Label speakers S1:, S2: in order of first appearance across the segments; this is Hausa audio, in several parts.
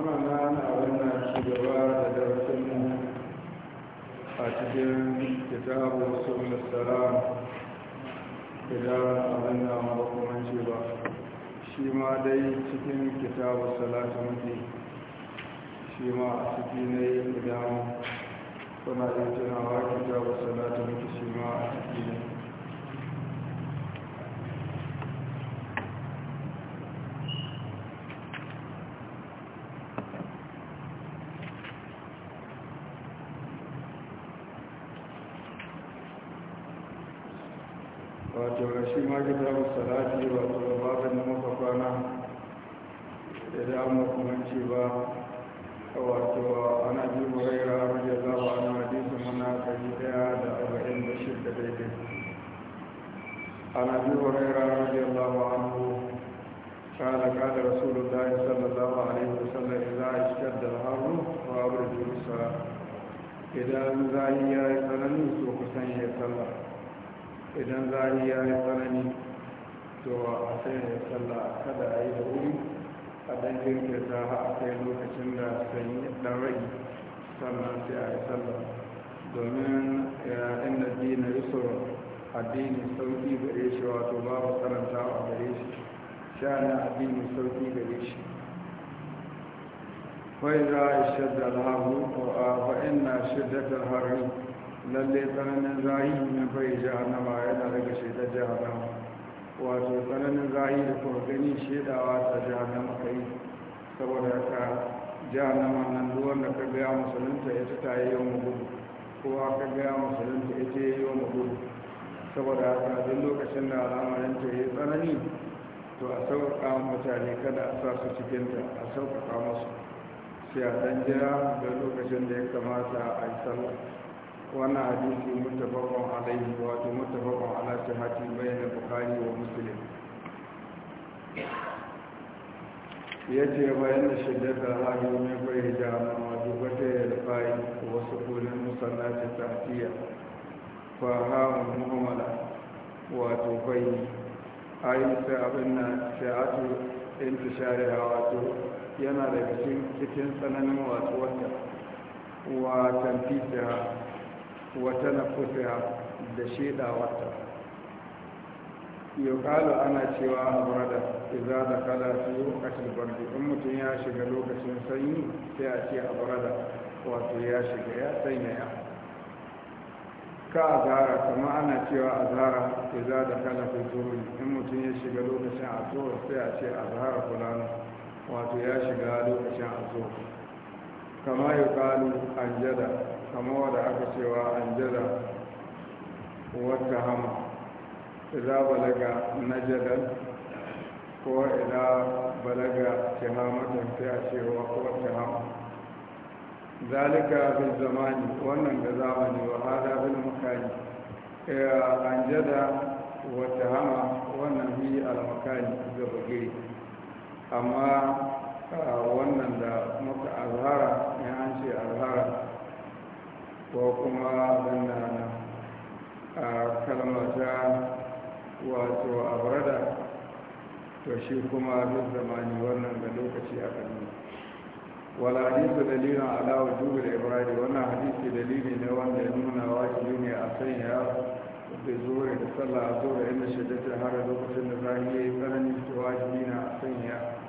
S1: muna nan a wannan shugaba da darasinmu a cikin kitabu sun salam idan abin da makamanci ba shi ma dai cikin kitabu salatu muke shi ma a ciki ne idan kuna yi tunawa kitabu salatu muke shi ma a ciki ne cikin haka ta musa lafi ba su ba da nama kwakwana da dama kuma ce ba a wato ana ji murai rahu ya za a ana hadisi mana kari daya da arba'in da shirka daidai ana ji murai rahu ya za wa an hu kala kada rasulun da ya san da a yi musamman ya za a shigar da haru ba a yi jirusa idan za a yi ya yi tsanani so kusan ya yi tsalla idan zari ya yi tsanani to a sai da sallah kada a yi da wuri a dan jirgin a kai lokacin da sanyi dan rai sannan sai a yi sallah domin ya eh, inda dina yusuf addini sauki gare shi wato babu tsananta a gare shi sha'anin addini sauki gare shi fai za a shadda alharu ko a fa'in na shiddatar harin lalle tsananin zahi min fai jahannama yana daga shaidar jahannama wato tsananin zahi da kuma gani shaidawa ta ka yi? saboda ka jahannama nan duk da ka gaya musulunta ita ta yi yau gudu kowa ka gaya musulunta ita yi yau gudu saboda haka duk lokacin da al'amarin ta yi tsanani to a sauƙaƙa mutane kada a sa su cikinta a sauƙaƙa musu sai a ɗan jira da lokacin da ya kamata a yi sallah wannan hadisi mutafakon alaihi wato mutafakon ala shahati bayan bukari wa muslim ya ce bayan da shaidar da rayu mai bai da wato wata ya rufai wasu kulin musallaci tafiya fahawar muhammala wato bai sai abin na sha'atu intishariya wato yana daga cikin tsananin wato wata wa tamfita wata na kufiya da shedawarta yukalu ana cewa abrada idza dakala fi waqtil bardi in mutum ya shiga lokacin sanyi sai a ce abrada wato ya shiga ya sanyaya ka azara kuma ana cewa azara idza dakala fi zuhri in mutum ya shiga lokacin azhar sai a ce azhara fulana wato ya shiga lokacin azhar kama yukalu anjada kamar da aka cewa an jada wata hama idan balaga na jadal ko idan balaga tihamatan fi a cewa wata hama zalika bin zamani wannan da zamani wa hada bin makani e, an jada wata hama wannan bi makani ga bagiri amma wannan da muka azhara ya an ce azhara ko kuma zanna a kalmata wato a to shi kuma duk zamani wannan ga lokaci a kanu wala hadisu dalilin alawar wujubi da ibrahim wannan hadisi dalili ne wanda ya nuna wajibi ne a sanya da zuwa da sallah a zuwa inda shiddatar har lokacin da zahiri tsanani wajibi na a sanya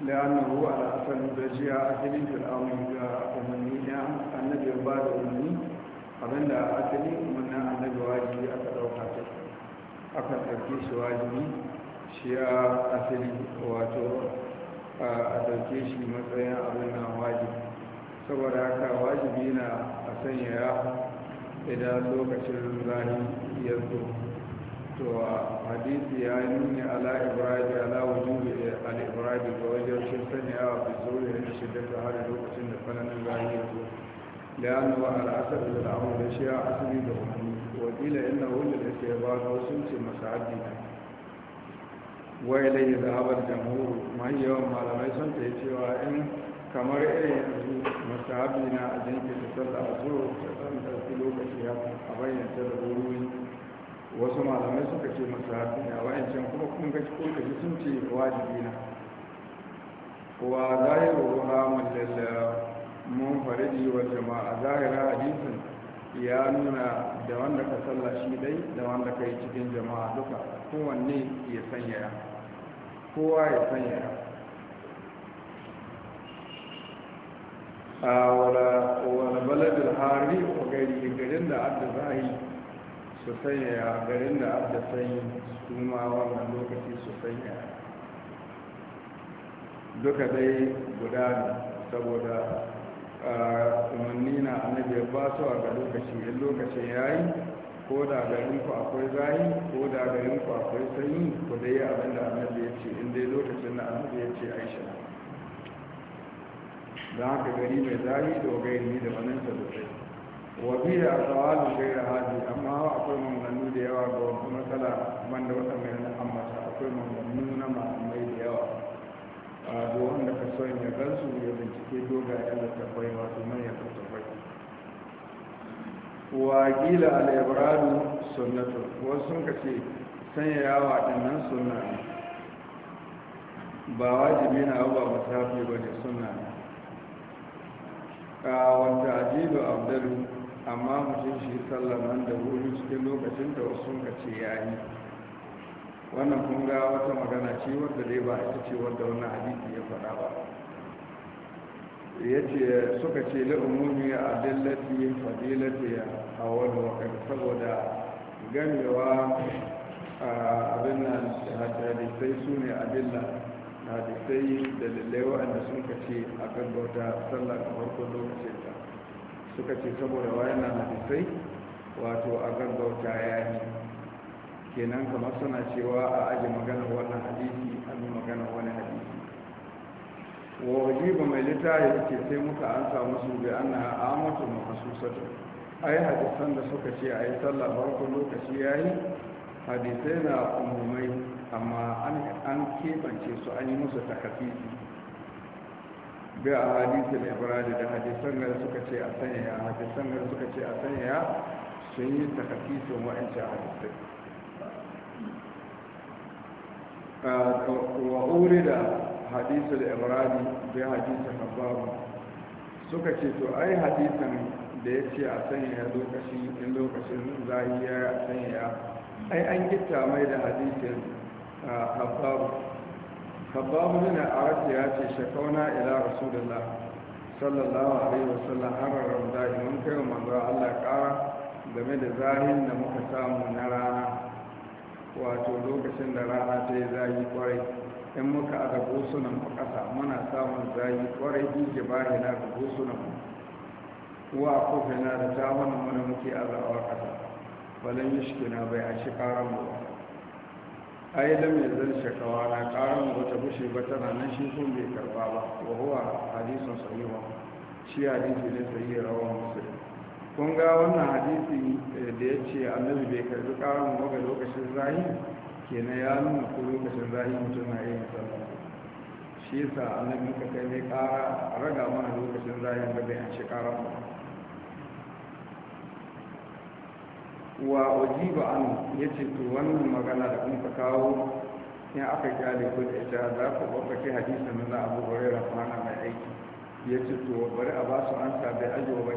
S1: لأنه على أثر بجيء أثني في الأمر أمنية النبي بعد أمني أبن لا أثني من أن النبي واجبي أكدو حاجة أكد أكيش واجبي شيء أثني واتو أدركيش مثلا أبن واجب saboda واجبين wajibi na a sanya idan lokacin hadisi ya yi nuni ala ibrahim ala wujubi al ibrahim ga wajen shi sani a bisuri da shi da ta hari lokacin da falanin rayu ya zo liyan wa al asar da al'amu da shi a asali da umarni wakila inna wanda da ke ba ga wasu ce masa haddi na wa ilayhi zahabar jamhur mai yawan malamai sun ta yi cewa in kamar irin yanzu masahabi na a jinkirta sallah a zuwa ta ɗan ɗauki lokaci a bayyanta da wuri wasu malamai suka ce masa ya wa'ancan kuma kun ga ko da sun ce wajibi na wa zahiru ruwa mallalla mun faridi wa jama'a zahira hadisin ya nuna da wanda ka salla shi dai da wanda ka yi cikin jama'a duka kowanne ya sanya kowa ya sanya a wala baladul hari wa gari garin da adda yi? su sanya garin da abu da sanyi su ma wannan lokaci su sanya duka dai guda ne saboda umarni na annabi ba su a ga lokaci in lokacin ya yi ko da garin ku akwai zayi ko da garin ku akwai sanyi ku dai abin da annabi ya ce inda dai lokacin da annabi ya ce aisha da haka gari mai zayi da gairi da wani da sai. wa a da asawalu da hadi amma akwai maganganu da yawa ga wasu matsala wanda wata mai na ambata akwai maganganu na mai da yawa a wanda ka so ya gansu ya bincike da tafai, wato manyan littattafai wa gila al-ibradu sunnatu wasu sun kace sanya yawa dinnan sunna ne ba wajibi na ba musafi ba ne sunna ne wanda ajibu abdalu amma mutum shi sallar nan da wuri cikin lokacin da wasu sun kace ya yi wannan kun ga wata magana ce wadda dai ba ita ce wadda wannan hadisi ya faɗa ba ya ce suka ce la'umumi a dillati fadilati a wani wakar saboda ganewa a abin nan hadisai su ne Dilla, hadisai da lallai waɗanda sun kace a kan bauta sallar a farko lokacin ta suka ce saboda wayannan hadisai wato a gaggauta yayi kenan kamar suna cewa a aji maganar wannan hadisi a yi maganar wani hadisi wa ba mai littafi ce sai muka an samu su bi an na amatu a ai hadisan da suka ce a yi sallah farkon lokaci yayi hadisai na umumai amma an keɓance su an yi musu takafisi bi a mai ibrahim da hadisan da suka a sanyaya hadisan da suka ce a sanyaya sun yi a wa'ancan hadisai wa'uri da da ibrani bai hadisa kababu suka ce to ai hadisan da ya ce a sanyaya lokaci in lokacin zahiya ya sanyaya ai an gita mai da hadisin kababu kababu ne a ya ce shakauna ila rasulullah sallallahu alaihi wasallam harar ramdani mun kai wa manzo Allah ƙara game da zahin da muka samu na rana wato lokacin da rana ta yi zahi kwarai in muka ada sunan mu ƙasa muna samun zahi kwarai ji bahi na da gosunan mu wa kofi na da tawon mu muke azawa ƙasa balin yishkina bai a shi ƙaran mu ba a yi da lam yanzal shakawa na karan wata bushe ba tana nan shi kun bai karba ba wa huwa hadisun sahiha shi hadisi ne sahihi rawa muslim kun ga wannan hadisi eh, da ya ce annabi bai karbi karan ba ga lokacin zahi kenan ya nuna ko lokacin zahi mutum na yin sallah shi yasa annabi ka kai mai kara a raga mana lokacin zahi ga bai an shi karan ba wa wajiba an ya ce to wannan magana da kuma ka kawo in aka kyale ku da ita za ku ɓaɓɓake hadisin na abu hurera kwana mai aiki ya ce to bari a ba su ansa bai ajiye wa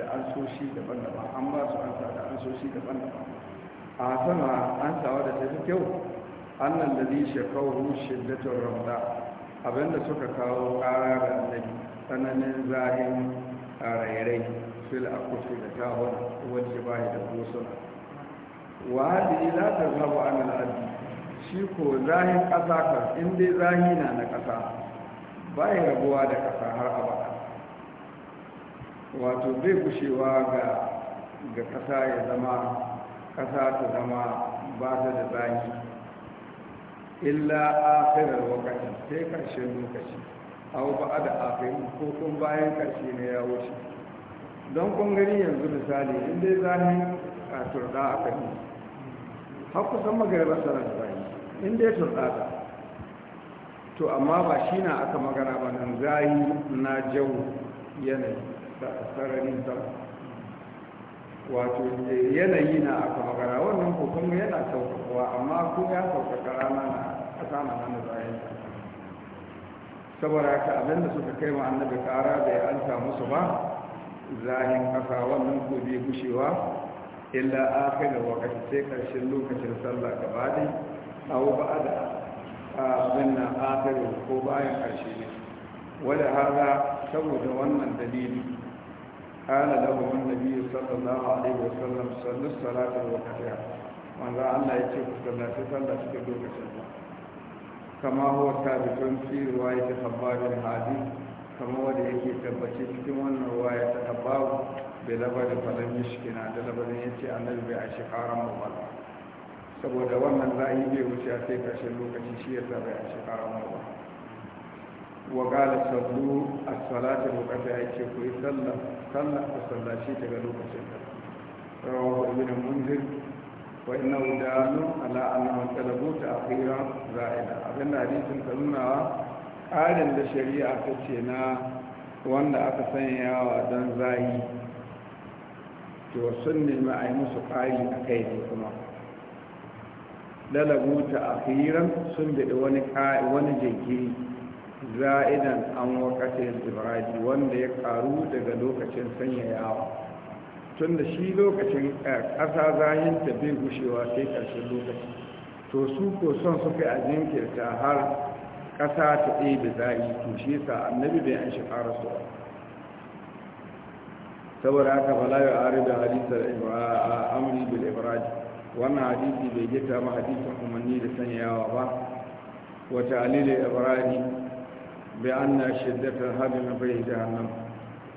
S1: da an so shi daban-daban an ba su ansa da an so shi daban-daban a sama ansawa da ta fi kyau annan da zai rushe shiddatar ramda abinda suka kawo ƙara da annabi tsananin zahin a rairai fil akufi da kahon wanda ba da busuna wa hadi ta tazhabu an al shi ko zahin ƙasa ka in dai zahi na na ƙasa ba ya rabuwa da ƙasa har abada wato bai gushewa ga ga ƙasa ya zama ƙasa ta zama ba ta da zahi illa akhirar wakati sai ƙarshen lokaci aw ba da akhirin ko kun bayan ƙarshe ne ya wuce don kun yanzu misali in dai zahin a turda a kaɗi haku san magariba sanar zahi in dai turda ta to amma ba shi na aka magana ba nan zahi na jau yanayi sararin ta wato yanayi na aka magana wannan hukun yana saukakowa amma ko ya saukaka rana na ƙasa na hana zahin saboda haka abinda suka kai ma annabi ƙara ya an samu su ba zahin ƙasa wannan ko bai gushewa illa akhir waqti sai karshen lokacin sallah gaba dai a ba'da abinna akhir ko bayan karshe ne wala hada saboda wannan dalili qala sallar annabi sallallahu alaihi wasallam sallu salata waqtiha manzo Allah yace ku sallaci sallah cikin lokacin kama huwa tabitun fi riwayati khabar al-hadith kamar wanda yake tabbaci cikin wannan waya ta tabawu bai labarin falon na, da labarin ya ce annabi bai a shekaran mu ba saboda wannan ra'ayi bai wuce a sai ƙarshen lokaci shi ya sa bai a shekaran mu ba wa gala sallu a salata lokaci ya ce ku yi sallah sallah ku sallaci daga lokacin da rawa ibn munzir wa inna udalu ala annahu talabu ta'khira za'ida abin da hadisin ka nunawa ƙarin da shari'a ta ce na wanda aka sanya wa don zahi to sun nemi a yi musu ƙari a kai ne kuma lalabuta a firan sun daɗi wani wani jinkiri za'idan an wakatin ibrahim wanda ya ƙaru daga lokacin yawa tun da shi lokacin eh, ƙasa zahinta tafi gushewa sai ƙarshen lokaci to su ko son suka a jinkirta har ƙasa ta ɗebe za'i to shi yasa annabi bai an shi su ba. saboda haka bala a ari da hadisar amri bil ibraj wannan hadisi bai gita ma hadisin umarni da sanyawa ba wata alilin ibrahim bai an na shiddatar hadin na bai jahannam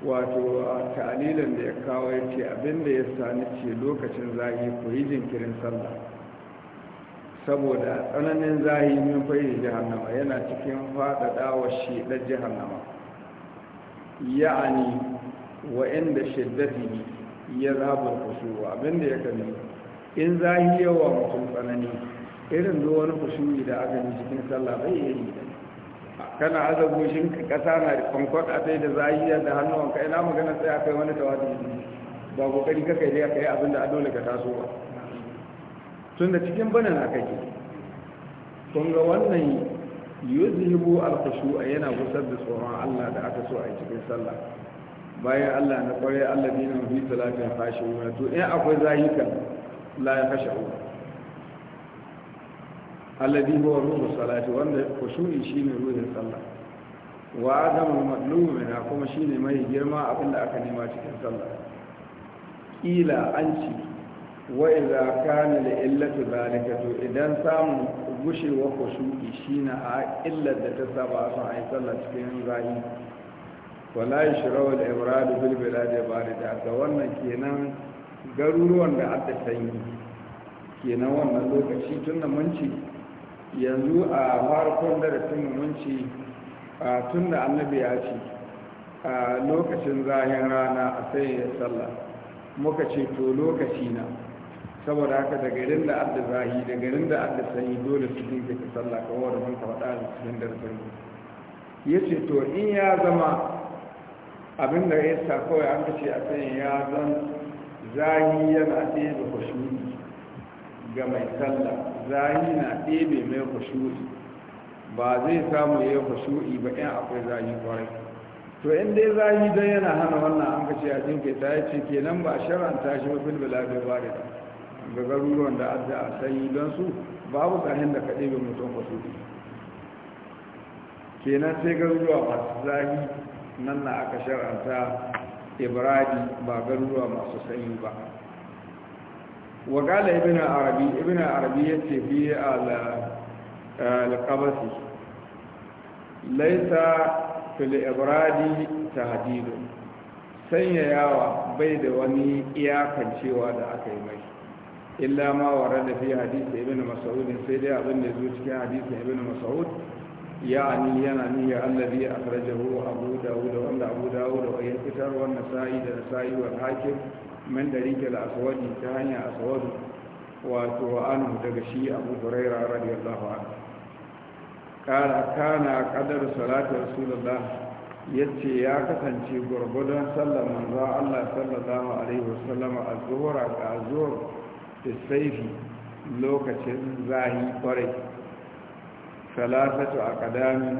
S1: wato a ta'alilin da ya kawo ya ce abinda ya sani ce lokacin za'i ku yi jinkirin sallah saboda tsananin zahi min fayi jahannama yana cikin faɗaɗawa shidar jahannama ya'ani wa inda shiddati ya zaɓar kusurwa abinda ya kami in zahi yawa mutum tsanani irin zo wani kusuri da aka yi cikin sallah bai yi kana azabushin ƙasa na kwankwata sai da zahiya da hannuwanka ina magana sai aka yi wani tawadi ba kokari kakai dai aka yi abinda a dole ka taso ba tun da cikin bana na kake kun ga wannan yuzhibu al-khushu'a yana gusar da tsoron Allah da aka so a cikin sallah bayan Allah na kware Allah ne na fi salatin fashi wa to in akwai zahika la ya fashi wa alladhi huwa ruhu salati wanda khushu'i shine ruhin sallah wa adamu madlumin kuma shine mai girma abinda aka nema cikin sallah kila an ci wa idza kana li illati zalika to idan samun kusu shi shine a illar da ta saba a a sallah cikin zahi wala yashrawu al-ibrad bil bilad barida ga wannan kenan garuruwan da aka sanyi kenan wannan lokaci tun mun ci yanzu a farkon darasin mun ci da annabi ya ce a lokacin zahin rana a sai ya sallah muka ce to lokaci na saboda haka da garin da adda zahi da garin da adda sanyi dole su dinka ka sallah kawai da manka faɗa da cikin darsin ya ce to in ya zama abin da ya sa kawai an ce a sayin ya zan zahi yana ɗebe kwashuri ga mai sallah zahi na ɗebe mai kwashuri ba zai samu ya yi kwashuri ba ɗin akwai zahi kwarai to in dai zahi don yana hana wannan an ce a jinkai ta ya ce kenan ba a sharanta shi mafi bala bai ba da ta. ga garuruwan da adda a sanyi don su babu tsarin da kaɗe mutum wasu su kenan sai garuruwa masu zahi nan na aka shar'anta Ibrahim ba garuruwa masu sanyi ba wa gala ibina arabi ibina arabi ya ce biye al-qabasi laisa ibrahim ta hadidu sanya yawa bai da wani iyakancewa da aka yi mai illa ma warada fi hadisi ibn mas'ud sai dai abin da zo cikin hadisi ibn mas'ud yani yana niyya alladhi akhrajahu abu dawud wanda abu dawud wa ya fitar wa nasa'i da nasa'i wal hakim man darika al aswadi ta hanya aswad wato an daga shi abu hurairah radiyallahu anhu kala kana qadar salatu rasulullah yace ya kasance gurgudan sallar manzo Allah sallallahu alaihi wasallam az-zuhra ga az-zuhr saifi lokacin zahi kwarai salasatu a kadami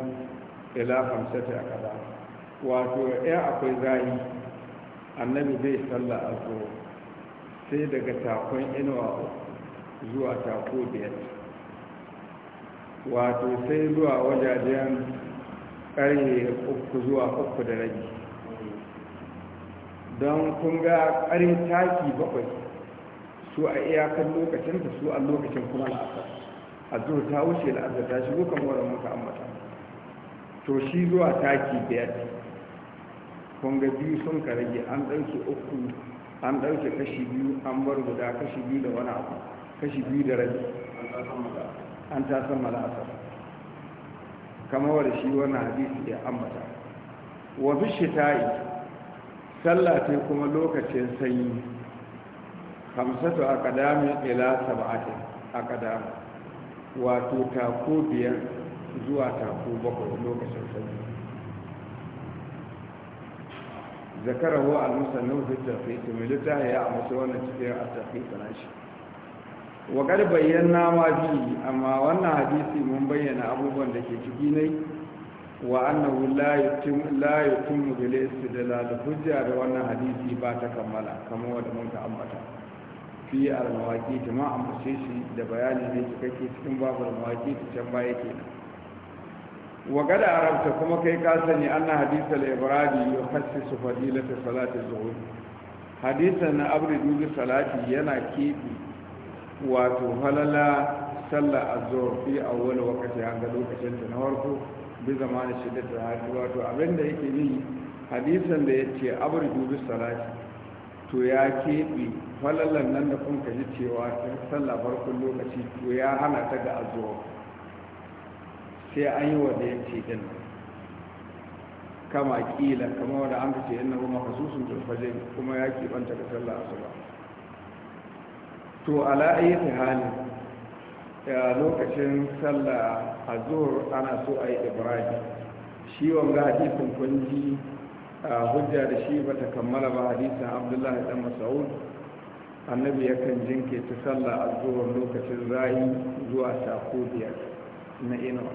S1: ila hamsatu a kadami wato ya akwai zahi annabi zai sallah a zuwa sai daga takon inuwa zuwa tako biyar wato sai zuwa wajajen karye uku zuwa uku da rage don kun ga ƙarin taki bakwai su a iyakan lokacin da su a lokacin kuma la'asar azur ta wuce la'asar ta shigo kamar muka ambata to shi zuwa taki biyar kunga biyu sun ka rage an ɗauke uku an ɗauke kashi biyu an bar guda kashi biyu da wani abu kashi biyu da rage an tasan mala'asar kama wa da shi wannan hadisi ya ambata wa fi shita'i sallah ta kuma lokacin sanyi hamsatu aqdamin ila sab'ati aqdam wato tako biyar zuwa tako bakwai lokacin sallah zakarahu al-musannif fi tafsir mai littafi ya amsa wannan cikin at-tafsir nashi wa qad bayyana ma bi amma wannan hadisi mun bayyana abubuwan da ke ciki ne wa annahu la yutim la yutim bil istidlal hujja da wannan hadisi ba ta kammala kamar wanda mun ka ambata fi al-mawaqit ma ambace da bayani ne kake cikin babu al ta can baya kenan wa gada arabta kuma kai ka sani anna hadith al-ibradi yukhassisu fadilata salati zuhur hadisan na abridu dubi salati yana kibi wato halala sallah, sallar azhar fi awwal waqti an ga lokacin ta na farko bi zamanin shiddat al-hadi wato abinda yake ni hadisan da yake abridu dubi salati to ya keɓe falalan nan da kun ji cewa ta sallah farkon lokaci to ya hana ta ga azuwa sai an yi wa da ya ce din kama kila kama wanda an ka ce yana kuma hasusun turfajin kuma ya keɓanta ga sallah asuba to ala ta hali lokacin sallah azur ana so a yi ibrahim shi wanga hadisin kun ji hujja da shi ba ta kammala ba hadisin abdullahi dan mas'ud annabi yakan jinke ta sallah a zuwan lokacin rayi zuwa sako biyar na inuwa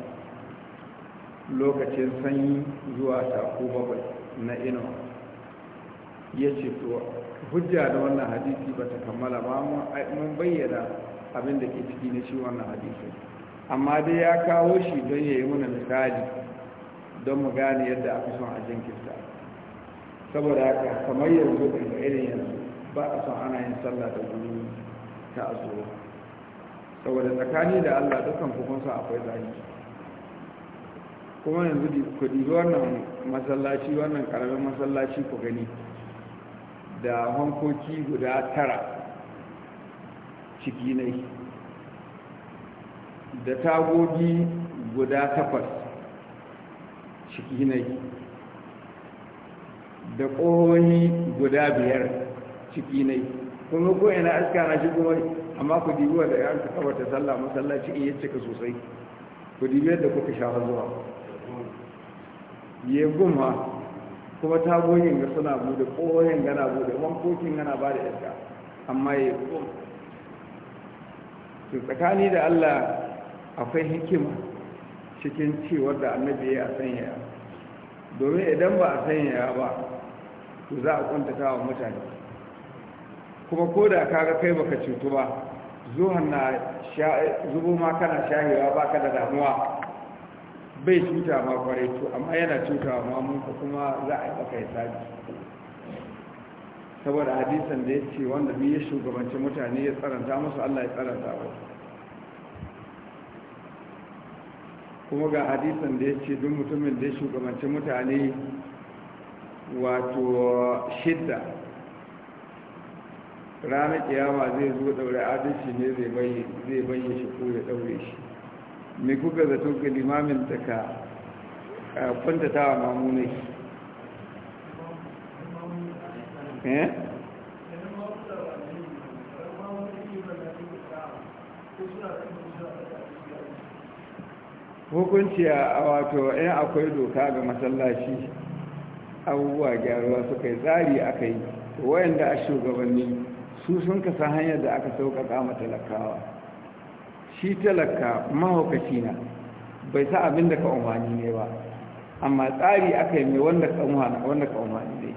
S1: lokacin sanyi zuwa sako bakwai na inuwa ya ce to hujja da wannan hadisi ba ta kammala ba mun bayyana abin da ke ciki na shi wannan hadisi amma dai ya kawo shi don ya yi muna misali don mu gane yadda aka son a jinkirta saboda haka kamar yanzu da irin yanzu ba a son ana yin sallah da wuri ta asuwa saboda tsakani da allah dukkan hukunsa akwai zaki, kuma yanzu ku ɗibi wannan masallaci wannan ƙaramin masallaci ku gani da hankoki guda tara ciki nai, da tagogi guda takwas ciki nai. da ƙohoni guda biyar ciki ne kuma ko ina aska na shi kuma amma ku dibi da ya aka kawar ta sallah masallaci in yace cika sosai ku dibi yadda kuka shafa zuwa ya guma kuma tagogin ga suna bude ƙohohin gana bude wankokin gana ba da iska amma ya gum tsakani da allah akwai hikima cikin cewar da annabi ya sanya domin idan ba a ya ba to za a kwantata wa mutane kuma ko da kaga kai baka cutu ba zuwan na zubo ma kana shahewa ba ka da damuwa bai cuta ma kwarai to amma yana cuta ma mamunka kuma za a yi baka ya sabi saboda hadisan da ya ce wanda biyu shugabancin mutane ya tsaranta musu allah ya tsaranta wasu kuma ga hadisan da ya ce duk mutumin da ya shugabanci mutane wato shidda ranar kiyama zai zo daure adalci ne zai bayyana shi ko ya daure shi mai kuka zato ga limamin ta ka kwantatawa mamunai hukunci a wato ya eh, akwai doka ga masallaci abubuwa gyaruwa suka yi tsari aka yi wayanda a shugabanni su sun kasa hanyar da aka sauƙaƙa ma talakawa shi talaka mahaukaci na bai sa abin da ka umarni ne ba amma tsari aka yi mai wanda ka umarni ne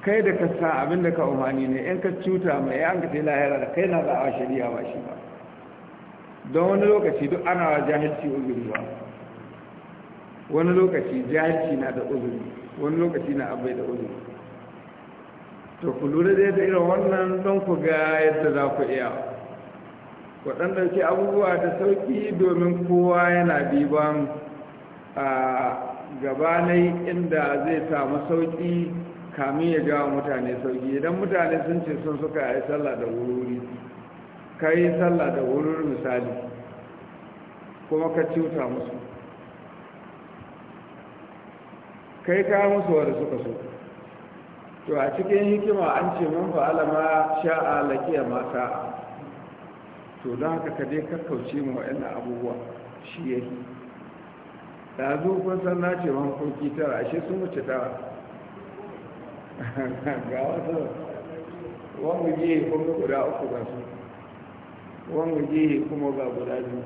S1: kai da ka sa abin da ka umarni ne in ka cuta mai yanka ta lahira da kai na za a shari'a ba shi ba don wani lokaci duk ana wa jahilci uzuri ba wani lokaci jahilci na da uzuri wani lokaci na abai da uzuri to ku lura zai da irin wannan don ku ga yadda za ku iya waɗanda ke abubuwa da sauƙi domin kowa yana biban a gabanai inda zai samu sauƙi kamin ya gawa mutane sauƙi idan mutane sun ce sun suka yi sallah da wuri ka yi sallah da wurin misali kuma ka cuta musu kai ka musu wadda suka so to a cikin hikima an ce mun fa'ala ma sha'a laƙiya mata to don haka ka dai kakkauce mu wa'annan abubuwa shi Ya ɗazu kun san na ce mahukunki tara ashe sun wuce tara ga wasu wani yi kuma guda uku ga su wani jihi kuma ga guda biyu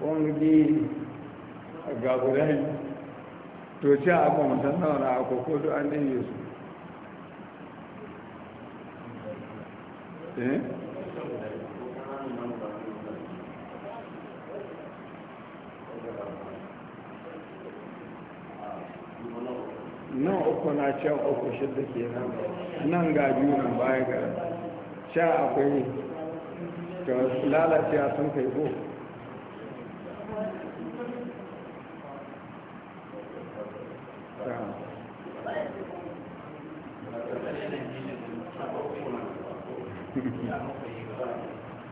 S1: wani jihi ga guda biyu to ce a kuma musamman na akwai duk an ɗin su eh
S2: nan uku na
S1: can uku shidda ke nan nan ga biyu nan baya ga sha akwai
S2: to lalacewa sun kai ko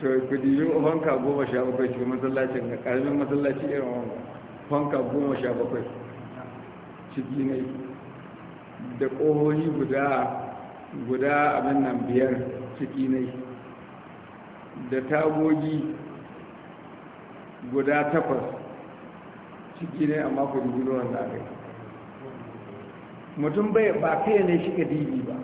S1: to kudi yi fanka goma sha bakwai cikin masallacin da ƙaramin masallaci irin wanda fanka goma sha bakwai ciki ne da ƙohohi guda guda abin nan biyar ciki ne da tagogi guda takwas ciki ne amma ku dubi ruwan da yi mutum bai ba kai ne shi ka dibi ba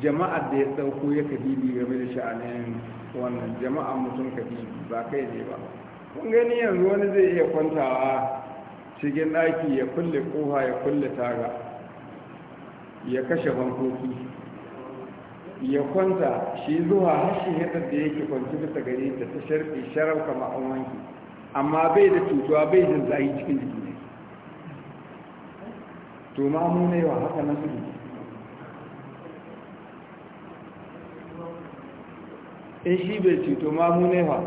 S1: jama'ar da ya sauko ya ka dibi game da sha'anin wannan jama'a mutum ka dibi ba kai ne ba kun gani yanzu wani zai iya kwantawa cikin ɗaki ya kulle ƙofa ya kulle taga ya kashe bankoki ya kwanta shi zuwa hashin hadar da yake kwanci ta gare ta ta sharfi sharar kama an wanki amma bai da cutuwa bai jin zahi cikin jiki ne to ma mu ne wa haka na su in shi bai cuto ma mu ne wa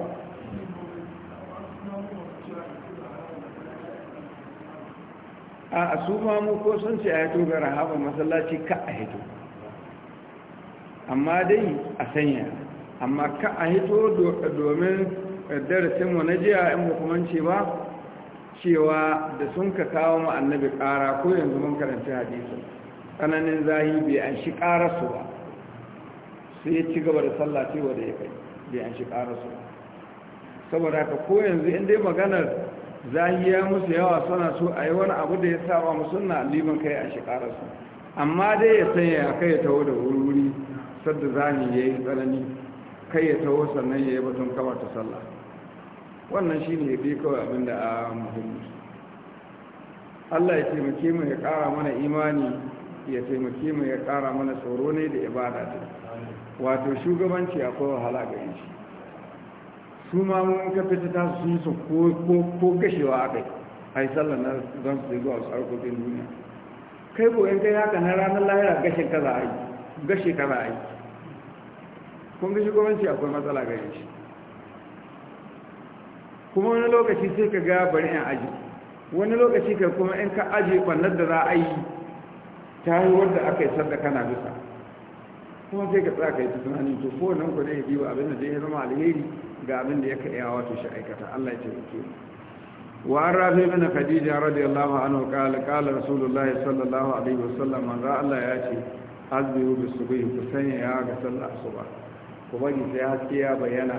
S1: a su ma mu ko sun ce a yato ga rahama masallaci ka a hito amma dai a sanya amma ka a hito domin darasinmu na jiya in hukumanci ba cewa da sun ka kawo mu annabi ƙara ko yanzu mun karanta hadisi tsananin zahi bai an shi su ba sai ya ci gaba da sallah cewa da ya kai bai an shi ƙararsu ba saboda haka ko yanzu in dai maganar zahi ya musu yawa suna so a yi wani abu da ya sa wa na liman kai an shi su amma dai ya sanya ya kai ya taho da wuri sadda zani ya yi tsanani kai ya taho sannan ya yi batun kama ta sallah wannan shi ne bi kawai abin da a ah, muhimmi allah ya taimake mu ya ƙara mana imani ya taimake mu ya ƙara mana tsoro ne da ibada ta wato shugabanci akwai wahala ga shi su ma mun ka fita ta su su ko gashewa kai, ai sallah na don su zuwa su harkokin duniya kai ko in kai haka na ranar lahira gashin kaza ai gashe kaza ai kun ga shugabanci akwai matsala gare shi kuma wani lokaci sai ka ga bari yan aji wani lokaci ka kuma in ka aji ɓannar da za a yi ta yi wanda aka yi sarda kana bisa kuma sai ka tsaka yi tunanin to ko nan ku ne ya biyu abin da zai zama alheri ga abin da ya ka iya wato shi aikata Allah ya ce ku wa an rafi mana khadija radiyallahu anhu qala qala rasulullah sallallahu alaihi wasallam ra'a Allah ya ce azbiru bisubhi ku sanya ya ga sallar subah ku bari sai haske ya bayyana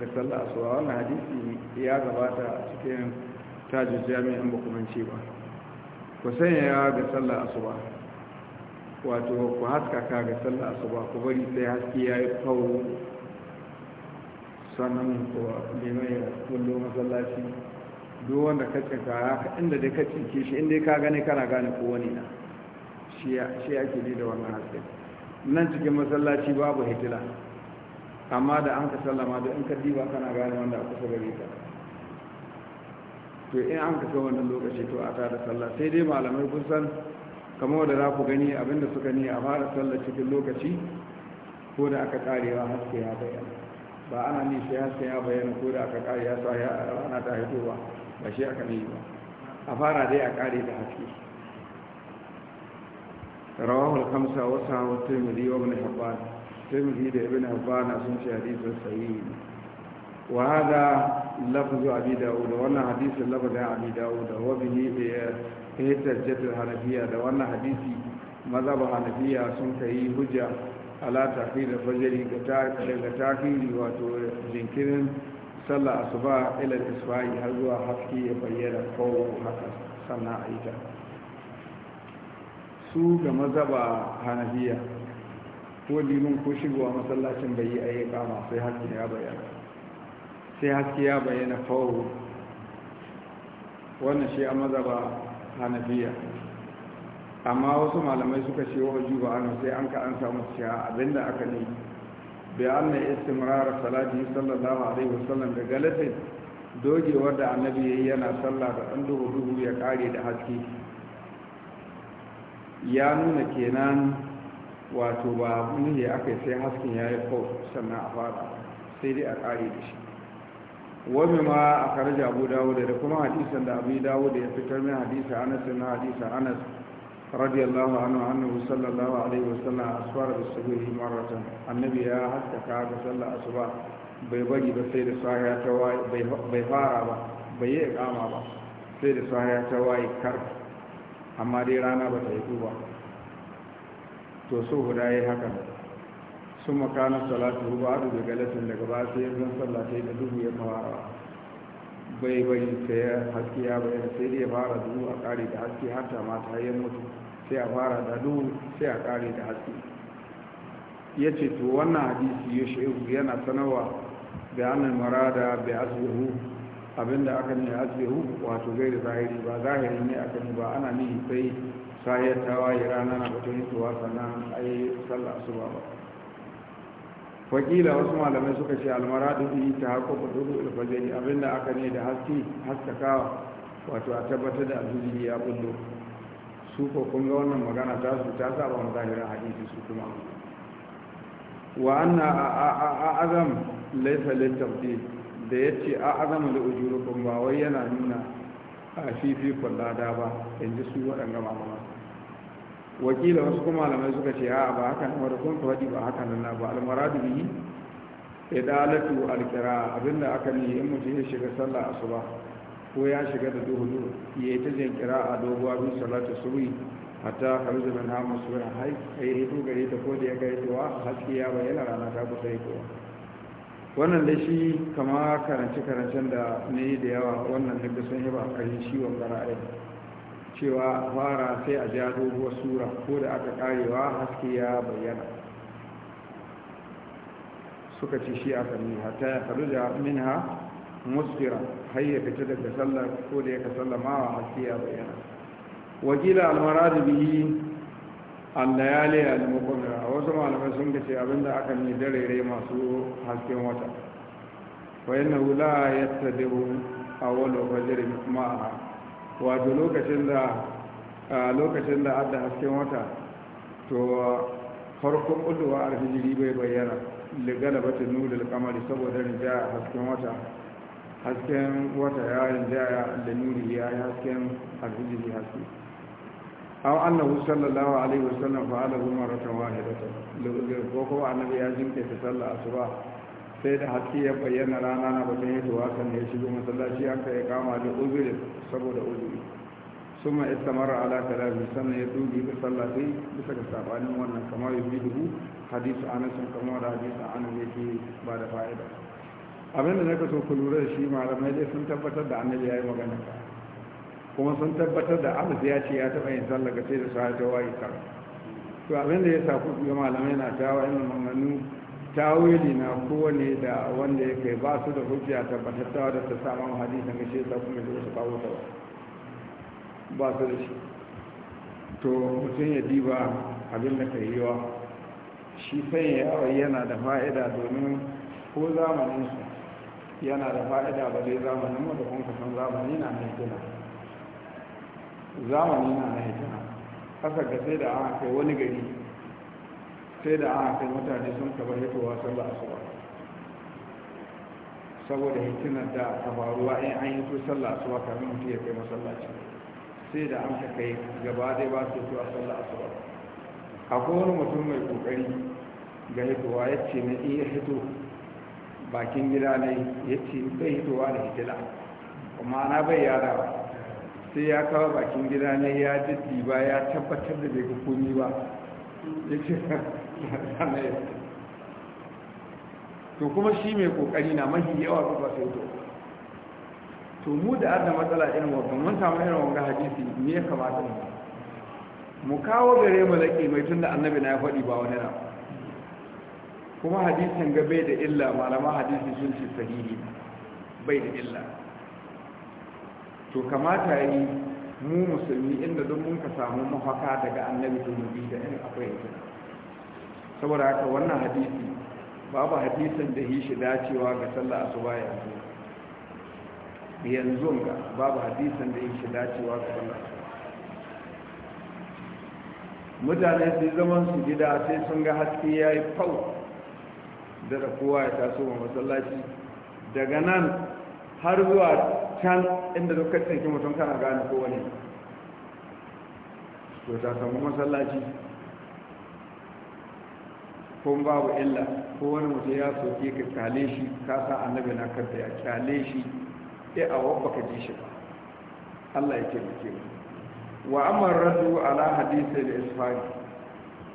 S1: da sallah asuba wannan hadisi ya gabata cikin tajin jami'in bukumanci ba ku sanya ga sallah ba. wato ku haska ka ga sallah ba ku bari sai haske ya yi kawo sannan kuwa neman ya kullo masallaci duk wanda ka cika ya inda dai ka tsinke shi inda ka gani kana gane ko wani na shi ake ne da wannan haske nan cikin masallaci babu hitila amma da an ka sallama da in ka diba kana gane wanda a kusa gare ka to in an ka kai wannan lokaci to a ta da sallah sai dai malamai kun san kamar da za ku gani abinda suka ne a fara sallah cikin lokaci ko da aka karewa haske ya bayyana ba ana ne shi haske ya bayyana ko da aka kare ya sa ya ana ta haitowa ba shi aka ne ba a fara dai a kare da haske rawahul khamsa wa sahahu at-tirmidhi wa ibn hibban tirmidhi da ibn hibban sun ce hadisin sahih wa hada lafzu abi daud wannan hadisin lafzu abi daud wa bihi da wannan hadisi mazhab hanafiya sun kai hujja ala takhir al-fajr daga takhiri wato jinkirin sallah asuba ila isfahi har zuwa haske ya bayyana ko haka sannan aita su ga mazhab hanafiya ko limin ko shigowa masallacin bai yi ayyuka ma sai haske ya bayyana sai haske ya bayyana fawo wannan shi a mazaba hanabiya amma wasu malamai suka ce wa ba ana sai an ka an samu cewa abinda aka ne bai an na istimrar salati sallallahu alaihi wasallam da galatin dogewar da annabi yi yana sallah da ɗan duhu duhu ya kare da haske ya nuna kenan wato ba nuhi aka yi sai hasken ya yi kau sannan a fara sai dai a ƙare da shi wani ma a karaja abu dawo da kuma hadisan da abu dawo da ya fitar min hadisa anas na hadisa anas radiyallahu anhu annahu sallallahu alaihi wasallam aswar da subuhi marratan annabi ya ka ga sallar asuba bai bari ba sai da sahiya ta wai bai fara ba bai yi ikama ba sai da sahiya ta wai kar amma dai rana ba ta yi ba to so guda ya haka sun makana salatu ruba adu da galatin daga ba sai yanzu sallata da duhu ya fara bai bai ta ya haske ya da sai dai ya fara duhu a kare da haske har ta mata ya mutu sai a fara da duhu sai a kare da haske ya ce to wannan hadisi ya shehu yana sanarwa da annan marada bai asbihu abinda aka ne asbihu wato gairi zahiri ba zahiri ne aka ne ba ana nihi sai sayar tawaye rana na batun hitowa sannan a yi sallah su ba wakila wasu malamai suka ce almara yi ta haƙo ba dubu ilfajari abinda aka ne da haski haskaka wato a tabbatar da alhijiri ya bullo su ko kun ga wannan magana ta su ta saba mu zahirin hadisi su kuma wa anna a azam laysa lit da yace a azam li ujurukum ba wai yana nuna a fifikon lada ba in ji su waɗanda malama wakila wasu kuma malamai suka ce a ba haka nan wadda kun faɗi ba haka nan ba almaradu bihi idalatu alkira abinda aka ne in mutum ya shiga sallah asuba ko ya shiga da duhudu ya yi ta jin kira a doguwa bin salatu subhi hatta kharuja min ha musulun hai kai ta ko da ya gaitowa haske ya bayyana rana ta kusa kowa wannan da shi kama karance-karancen da ne da yawa wannan daga sun yaba karin ciwon ra'ayi cewa fara sai a ja doguwar sura ko da aka karewa haske ya bayyana suka ci shi aka ne hatta ya faru da minha musfira har ya fita daga sallar ko da ya ka sallamawa haske ya bayyana wakila almaradu biyu. ne a al a wasu malamai sun ce abinda aka ne dare masu hasken wata wa innahu la a wani fajr ma'a wato lokacin da lokacin da adda hasken wata to farkon ulwa alfijiri bai bayyana nuna da kamari saboda a hasken wata hasken wata ya rinjaya da nuri ya yi hasken alfijiri haske aw annahu sallallahu alaihi wasallam fa'alahu maratan wahidatan ko kuma annabi ya jinke ta sallah asuba sai da haske ya bayyana rana na batun hitowa kan ya shigo masallaci an ya kama da uzuri saboda uzuri suma istamara ala kalabi sannan ya dubi ga sallah sai bisa ga sabanin wannan kamar bi dubu hadisu anas kamar da hadisu anas yake ba da fa'ida abinda naka so ku lura da shi malamai dai sun tabbatar da annabi yayi magana kuma sun tabbatar da anas ya ce ya taɓa yin sallah sai da sa ta waye kan to abin da ya sa ku ga malamai na tawa yin manganu tawili na kowane da wanda ya kai ba su da hujja tabbatattawa da ta samu hadisin ga shi kuma da su kawo ta ba su da shi to mutum ya diba abin da kai yiwa shi yi yawa yana da fa'ida domin ko zamaninsu yana da fa'ida ba zai zamanin mu da kuma kasan zamani na mai gina zamani na na hikima kasar da sai da an kai wani gari sai da an kai mutane sun kaba hitowa sallah ba, saboda hikimar da ta in an yi to sallah asuba kamar mutu ya kai masallaci sai da an kai gaba dai ba su to a sallah ba. A kowane mutum mai kokari ga hitowa ya ce na iya hito bakin gida ne ya ce bai hitowa da hitila kuma na bai yara ba sai ya kawo bakin gida ne ya jiddi ba ya tabbatar da bai hukumi ba ya ce to kuma shi mai kokari na mahi yawa ba ba sai to to mu da adda matsala irin wannan mun samu irin wannan hadisi ne ya kamata mu mu kawo gare mu laki mai tunda annabi na ya faɗi ba wani na kuma hadisin ga bai da illa malama hadisi sun ce sahihi bai da illa to kamata yi mu musulmi inda duk mun ka samu mafaka daga annabi da mu bi da in akwai ita saboda haka wannan hadisi babu hadisin da hi shi dacewa ga sallah asuba yanzu yanzu ga babu hadisin da hi shi dacewa ga sallah mutane su zaman su gida sai sun ga haske ya yi fau da kowa ya taso wa masallaci daga nan har zuwa can inda duk kacin ki mutum kana gane ko wani to ta samu masallaci ko babu illa ko wani mutum ya soke ka kyale shi ka sa annabi na kanta ya kyale shi eh a wabba ka ji shi ba Allah ya taimake mu wa amar raddu ala hadisi da isfari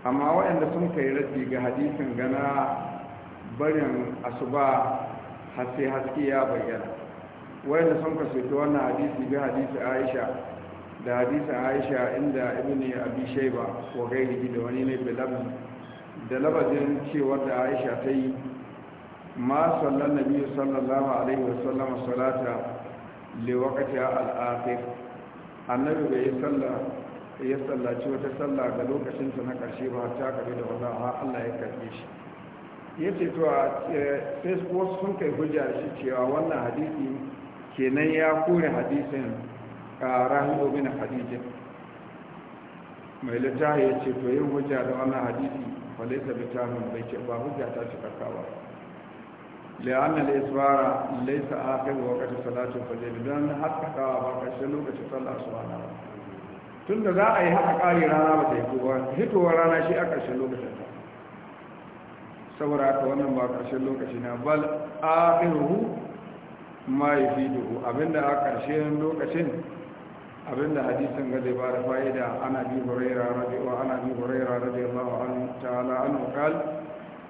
S1: amma waɗanda sun kai raddi ga hadisin gana barin asuba hasi haske ya bayyana wayanda sun kasance wannan hadisi bi hadisi aisha da hadisi aisha inda ibn abi shayba ko gairi da wani ne bilabin da labadin cewa da aisha ta yi ma sallan nabi sallallahu alaihi wasallam salata le wakati al-akhir annabi bai yi sallah ya sallaci wata sallah ga lokacin sa na karshe ba ta kare da wannan ha Allah ya karbe shi yace to a Facebook eh, wasu sun kai hujja shi cewa wannan hadisi kenan ya kore hadisin rahimu obin hadijin mai littafi ya ce to yin hujja da wannan hadisi bita bitamin bai ce ba hujja ta shi kakawa li'anna al-isbara laysa akhir waqt salati al-fajr don haskakawa ba kashe lokacin sallah asuba tun tunda za a yi haka kari rana ba ta yi kowa, hitowar rana shi a ƙarshen lokacin ta saboda haka wannan ba ƙarshen lokaci na bal ruhu. ma ya fi duhu abinda a ƙarshen lokacin abinda hadisin ga zai ba da fa'ida ana bi huraira radiyallahu ana bi huraira radiyallahu anhu ta'ala anhu qal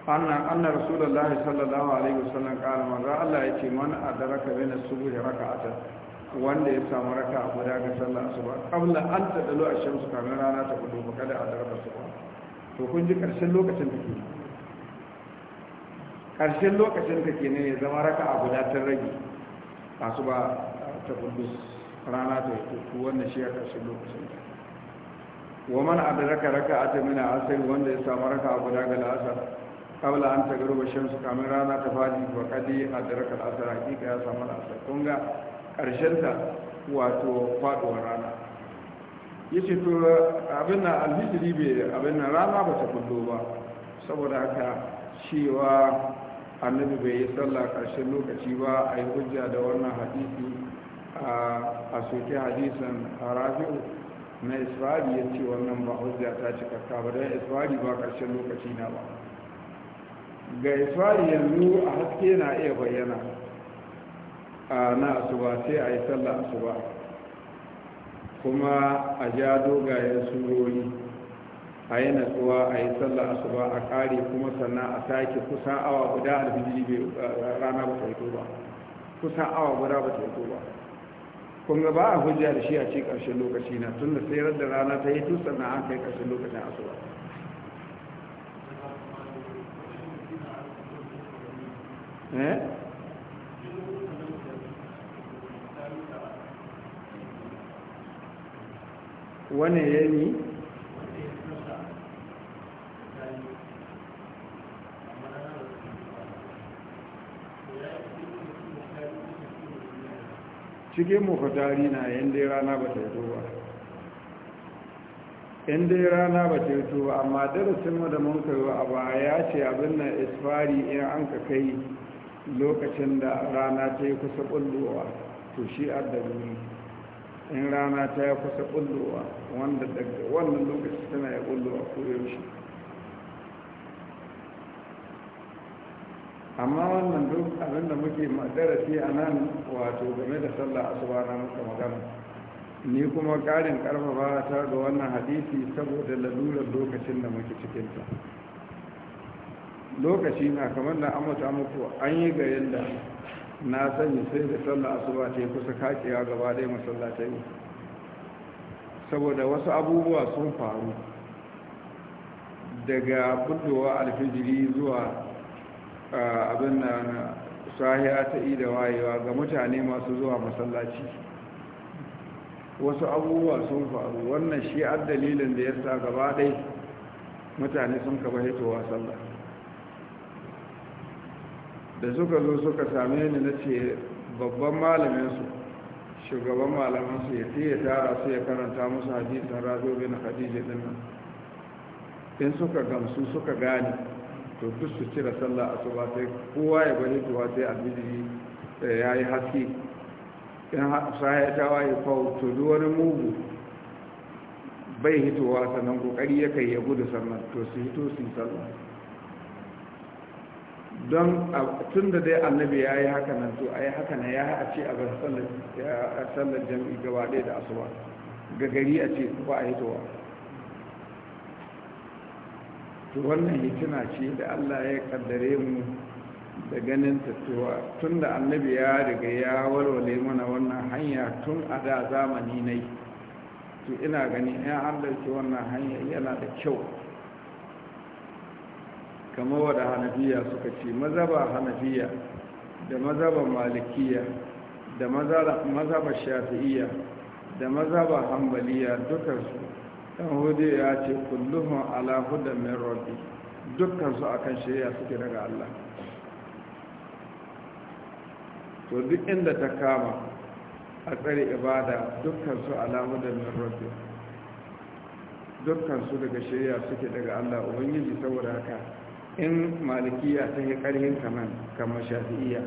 S1: anna anna rasulullahi sallallahu alaihi wasallam qala maza Allah ya ce "Mana yace man adraka min as-subh raka'atan wanda ya samu raka a guda ga sallar asuba qabla an tadalu ash su kamin rana ta fito ba kada su ba, to kun ji ƙarshen lokacin take karshen lokacin take ne ya zama raka a guda ta rage Masu ba ta Kudus, rana ta tutu wannan shi ya karshe lokacin wa man adraka raka'atan min al-asr wanda ya samu raka'a guda ga al-asr qabla an tagruba shamsu kamin rana ta fadi wa qadi adraka al-asr hakika ya samu al-asr kun ga karshen ta wato faduwar rana yace to abin nan al-hijri bai abin nan rana ba ta kullo ba saboda haka cewa annabi bai yi sallah ƙarshen lokaci ba a yi hujja da wannan hadisi a soke hadisan a rafi'u na isra'ili ya ce wannan ba hujja ta cikakka ba don isra'ili ba ƙarshen lokaci na ba ga isra'ili yanzu a haske na iya bayyana na asuba sai a yi sallah asuba kuma a ja dogayen surori
S2: a yi natsuwa a yi sallar asuba a kare kuma sannan a sake kusa awa guda alfijiri
S1: eh, rana ba ta ba kusa awa guda ba ta yi ba kun ga ba a hujja da shi a ce ƙarshen lokaci na tun da sayar da rana ta yi tun sannan an kai ƙarshen
S2: lokacin asuba eh?
S1: wane yayi cikin mukutari na yan dai rana ba ta ba yan rana ba ta ba amma darasin mu da mun karo a baya ya ce abin nan isfari in an ka kai lokacin da rana ta yi kusa kullowa to shi addabuni in rana ta yi kusa kullowa wanda daga wannan lokacin tana yi kullowa ko yaushe amma wannan duk abin da muke darasi a nan wato game da sallah asuba na muka magana ni kuma ƙarin ƙarfafa ta ga wannan hadisi saboda lalurar lokacin da muke cikinta lokaci na kamar na amata muku an yi ga yadda na sanya sai da sallah asuba ta yi kusa kakewa gaba ta masallatai saboda wasu abubuwa sun faru daga fitowa alfijiri zuwa abin na sahiya ta yi da wayewa ga mutane masu zuwa masallaci wasu abubuwa sun faru wannan shi ad dalilin da ya sa gaba ɗai mutane sun kaba hitowa sallah da suka zo suka same ni na ce babban malaminsu shugaban malamansu ya fiye tara su ya karanta musu hadisan razo bin khadija din nan in suka gamsu suka gane to duk su cire sallah a asuba sai kowa ya bari zuwa sai almijiri eh, ya yi haske in sa ya tawa ya to duk wani mugu bai hitowa sannan kokari ya kai ya gudu sannan to su hito su yi sallah don tun da dai annabi ya yi haka nan to a yi haka nan ya a ce a bar sallar jami'i gaba ɗaya da asuba ga gari a ce ba a hitowa to wannan hikima ce da allah ya kaddare mu da ganin tattuwa tun da annabi ya riga ya walwale mana wannan hanya tun a da zamani nai to ina gani ya an wannan hanya yana da kyau kamar wadda hanafiya suka ce mazaba hanafiya da mazaba malikiya da mazaba shafi'iya da mazaba hambaliya dukansu ɗan hudu ya ce kulluhun ala mai min rabbi dukkansu a kan shirya suke daga allah to duk inda ta kama a tsare ibada dukkansu ala hudan min rabbi su daga shirya suke daga allah ubangiji saboda haka in malikiya ta yi ƙarhin kaman kamar shafi'iya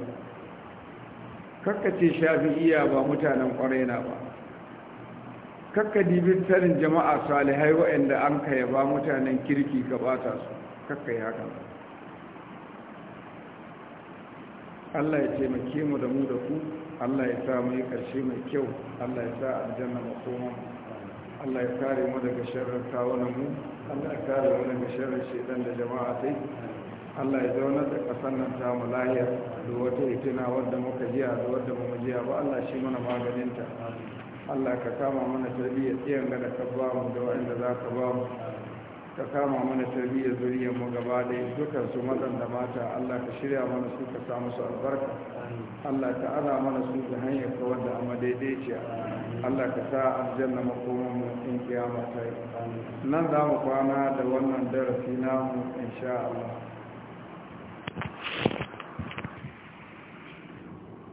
S1: kakkace shafi'iya ba mutanen kwarai na ba kakka dibin tarin jama'a salihai wa'anda an ka yaba mutanen kirki ka bata su kakka yi hakan Allah ya taimake mu da mu da ku Allah ya sa mu yi ƙarshe mai kyau Allah ya sa aljanna koma Allah ya kare mu daga sharrin tawana mu Allah ya kare mu daga sharrin shedan da jama'a sai Allah ya zauna da kasan nan ta mu lahiya da wata hitina wadda muka jiya da wadda mu jiya ba Allah shi mana maganinta Allah ka kama mana tarbiyyar tsiyan gada ka ba mu da wa'anda za ka ba ka kama mana tarbiyyar zuriyar mu gaba da dukkan su mazan da mata Allah ka shirya mana su ka samu su albarka Allah ka ana mana su ta hanyar ka da amma ce Allah ka sa aljanna makoman mu in kiyama ta yi nan za mu
S2: kwana da wannan darasi namu insha Allah